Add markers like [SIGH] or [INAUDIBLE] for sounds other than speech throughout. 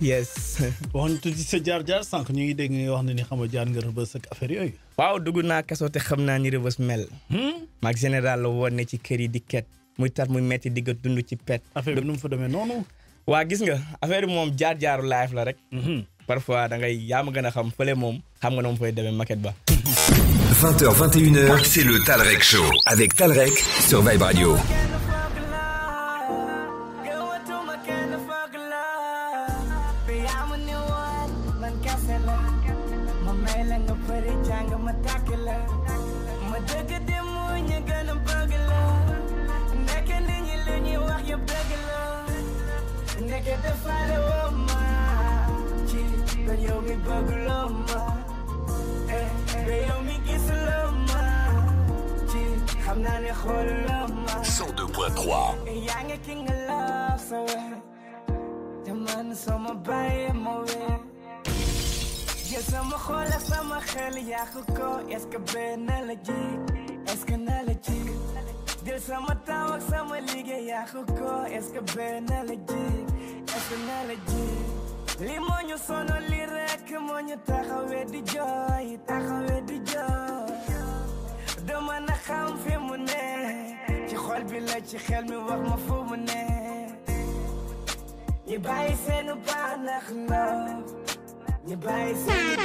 yes. [LAUGHS] waxoon tuuti sa jaar jaar sànq ñu ngi dégg nga wax ne ni xam nga jaar nga rëbës ak affaire yooyu. waaw dugg naa kaso te xam naa ni rëbës mel. maag hmm? général la woon ne ci kër yi di ket. muy tar muy metti di nga dund ci pet. affaire bi nu mu fa demee noonu. waa gis nga affaire moom jaar jaaru live la rek. Hmm. parfois da ngay yaa ma gën a xam fële moom. xam nga nu mu fay demee maquette ba. 20h [LAUGHS] 21h c'est le Talrec Show avec Talrec sur Vibe Radio. la nga pare jàng ma tàkk la ma dëgg di mu ñu gën a bëgg ni ndeke nit ñi wax yëpp dëgg la ndeke defaale woo ma ci ba yow mi bëgg loo ma ba yow mi gis loo ma ci xamna naa ne xool loo ma 102.3 yaa ngi ki love sa wér te man sama bàyyi ma wér yow sama xol sama xel yàqu ko est-ce que la ji est-ce na la ji jël sama temps sama liggéey yàqu ko est-ce que la ji est-ce na la ji li moo ñu sonal li rek moo ñu taxawee di jooy taxawee di jooy dama na xam fi mu ne ci xol bi ci xel mi wax ma fu mu ne ñu bàyyi seenu baax ndax ñu bàyyi seen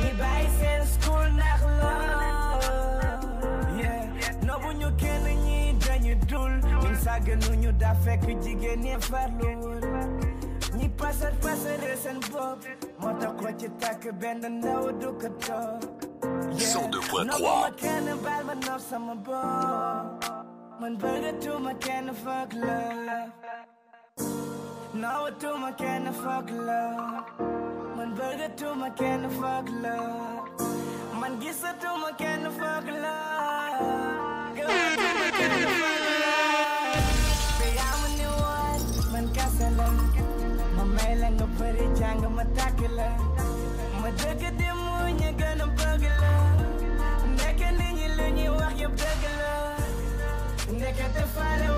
ñu bàyyi seen school ndax lool nobu ñu kenn ñi dañu dul ñu sàgganu ñu daa fekk jigéen ñi farlu wul ñi pasar pasare seen bopp moo tax ko ci tàkk benn ndaw du ko toog 102.3 nobu ma kenn baal ma nopp sama bopp man bëggatuma kenn fag نوتوما كان فاك لا من بغتوما كان فاك لا من قصتوما كان فاك لا قلتوما كان فاك لا بيعمل نوال من كسلا مميلا نبري جانج متاكلا مدك دموني كان فاك لا نكني لني وحي بغلا نكتفارو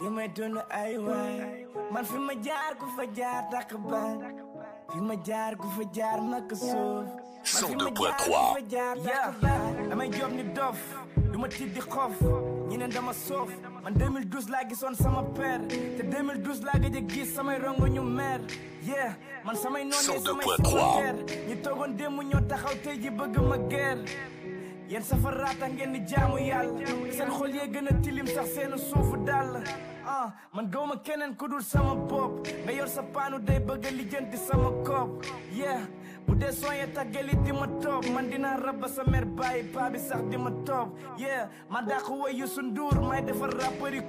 li may dund ay waay man fi ma jaar ku fa jaar takk baan fi ma jaar ku fa jaar naka suuf. 102.3 yaa damay job ni dof du ma tiit di xof ñi ne dama soof man 2012 laa gisoon sama père te 2012 laa gëj a gis samay rongo ñu mer man samay noonee samay sama kër ñi toogoon démb ñoo taxaw tey ji bëgg ma guerre yéen safaraata ngeen di jaamu yàlla seen xol yee gën a tilim sax seenu suufu dàll ah man gawma keneen ku dul sama bopp nga yor sa paanu day bëgg a lijjanti sama koob yeah bu dee sooyee tàggali di ma toog man dina rabba sa mère bàyyi bi sax di ma toog yeah ma dàq way Youssou may defar rappeur yi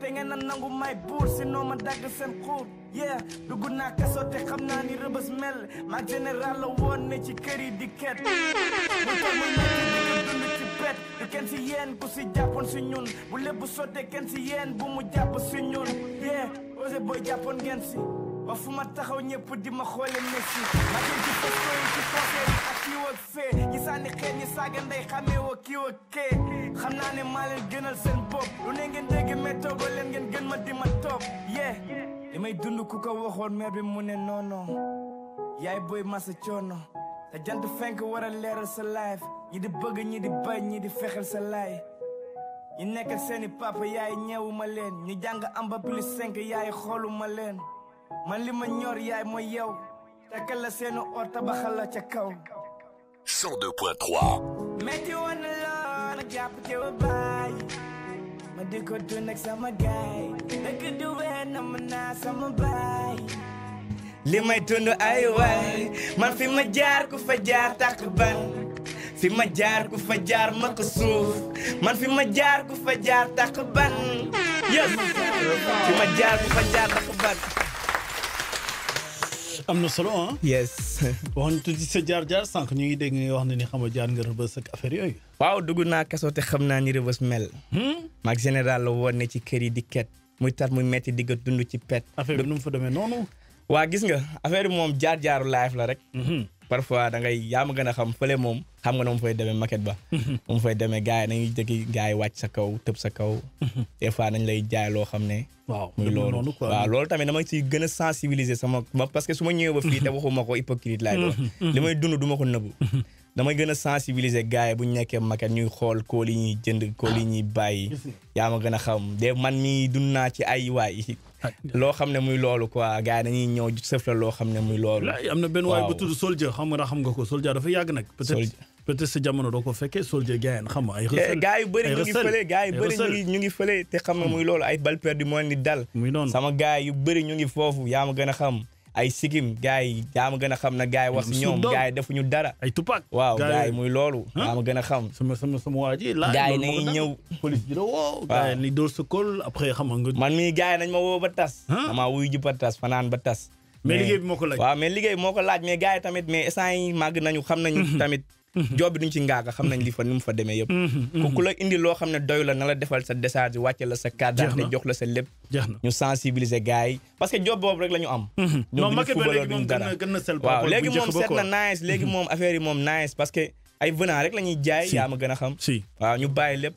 te ngeen a nangu may buur sinon ma dagg seen xuur yeah dugg naa kaso te xam naa ni rëbës mel maag général la woon ne ci kër yi di ket mu tax mu nekk di dund ci bet du kenn si yéen ku si jàppoon si ñun bu lépp sottee kenn si yéen bu mu jàpp si ñun yeah ose booy jàppoon ngeen si ba fu ma taxaw ñëpp di ma xoole messi ma jël ci foto yi ci ak kii wag fee ñi sànni ñi saaga ndey xamee wa kii kee xam naa maa leen gënal seen bopp lu ne ngeen dégg météo leen ngeen gën ma di ma topp yee li may dund ku ko waxoon meer bi mu ne noono yaay booy masa coono te jant fenk war a leeral sa life ñi di bëgg ñi di bañ ñi di fexel sa laay ñi nekk seeni papa yaay ñeewu ma leen ñi jàng am ba plus cinq yaay xoolu ma leen man li ma ñor yaay mooy yow takkal la seenu or tabaxal la ca kaw 102.3 metti woon na lool jàpp te wa di ko dund sama gaay dëkk du ween mën naa sama baay li may dund ay waay man fi ma jaar ku fa jaar fi ma jaar ku fa jaar ma man fi ma ku fa jaar tàkk fi ma ku fa jaar am na solo ah. yes. waxoon tuuti sa jaar jaar sànq ñu ngi dégg nga wax na ni xam nga jaar nga rëbës ak affaire yooyu. waaw dugg naa kasoo te xam naa ni rëbës mel. maag hmm? général la woon ne ci kër yi di ket. muy tar mu metti di nga dund ci pet. affaire bi nu mu fa demee noonu. waa gis nga affaire bi moom jaar jaaru live la rek. Hmm. parfois da ngay yaa ma gën a xam fële moom xam nga ne mu fay demee maquette ba. [LAUGHS] mu fay demee gars yi nañuy jëkki gars yi wàcc sa kaw tëb sa kaw. [LAUGHS] des fois nañ lay jaay loo xam ne. waaw loolu waaw loolu tamit dama gën a sensibiliser sama parce su ma ñëwee ba fii te waxuma ko hypocrite laay doon. [LAUGHS] li may dund du ko nëbbu. damay gën a sensibiliser gars yi bu ñu nekkee maquette ñuy xool kool yi ñuy jënd kool yi ñuy bàyyi ah, yaa ma gën a xam de man mi dund naa ci ay waay [LAUGHS] loo xam ne muy loolu quoi gars yi dañuy ñëw sëf la loo xam ne muy loolu am na benn waay bu tudd Soldier xam xam nga ko Soldier dafa yàgg nag peut-être peut-être sa jamono doo ko xam nga ay yu bëri ñu gars yu bëri ñu ngi ñu xam ne hmm. muy loolu ay bal perdu moo ni dal sama gars yu bëri ñu ngi foofu yaa ma gën a xam ay sigim gars yi gën a xam na gars yi wax si ñoom gars yi defuñu dara. waaw gars muy loolu. yaa ma gën a xam. sama sama sama waa ji laaj. gars yi nañuy ñëw police bi la woo. gars yi ni dóor sa kol après xam nga. man mii gars yi ma woo ba tas. damaa wuyu ba tas fanaan ba tas. mais liggéey bi moo ko laaj. waaw mais liggéey bi moo ko laaj mais gars tamit mais instant yi nañu xam nañu tamit [LAUGHS] [LAUGHS] job bi duñ ci ngaaga xam nañ li fa ni mu fa demee yëpp [LAUGHS] ku la indi loo xam ne doy na la defal sa décharge wàcce la sa carte d'identité jox la sa lépp ñu sensibiliser gars yi parce que boobu rek la am [LAUGHS] ñoom duñu footballeur duñu dara waaw léegi na nice léegi moom affaire moom nice parce ay venant rek la jaay yaa ma gën a xam waaw ñu bàyyi lépp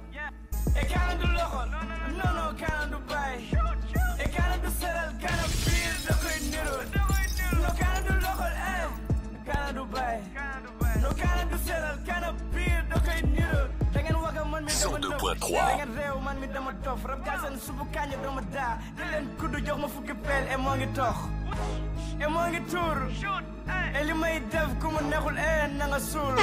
e kana du loxo nono kana du bay e kana du seral kana biir da koy nirool no kana du loxo eh kana du bay no kana du seral kana biir da koy nirool da waga man mi dama dof da ngeen réew man mi dama dof rab gaa seen subu kànja dama daa di leen kuddu jox ma fukki peel e moo tox e moo tuur e li may def ku mu neexul [LAUGHS] e na suul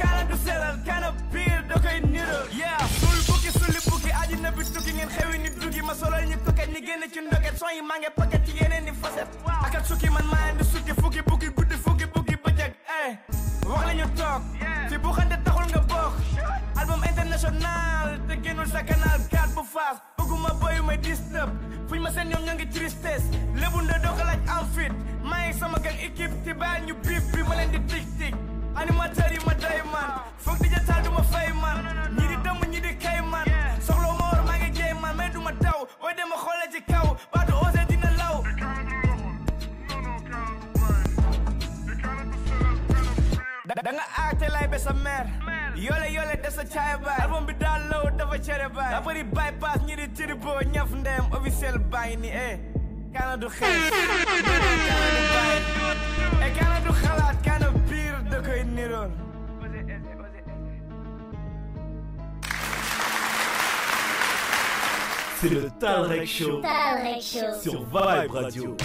kaala du selal kana biir da koy niral yaa sul bukki suli bukki àddina bi tukki ngeen xewi ni duggi ma solal ñu koket ñi génn ci ndoket son yi maa ngi paket ci yeneen di faset akat sukki man maa indi sukki fukki bukki guddi fukki bukki bëccëg eh wax la ñu toog fi bu xante taxul nga bokk album international te génnul sa canal 4 bu faas bëgguma boyu may disturb fuñ ma seen ñoom ñoo ngi tristesse lébu nda doo ko laaj am fit maa ngi sama gan équipe ti baa ñu biib bi ma leen di tik tik animateur yi ma doy man foog digital du ma fay man ñi di dëmm ñi di kay man soxla ma war maa ngi jéy man mais du ma daw booy dem ma xoole ci kaw baatu osé dina law da nga aate lay be sa mère yoole yoole de sa caay baay album bi daa law dafa cere baay la bëri bypass ñi di tiri boo ñaf ndeyam officiel bàyyi ni eh kaana du xees kaana du bàyyi eh du xalaat C'est le Talrec Show. Show. Sur Vibe Radio.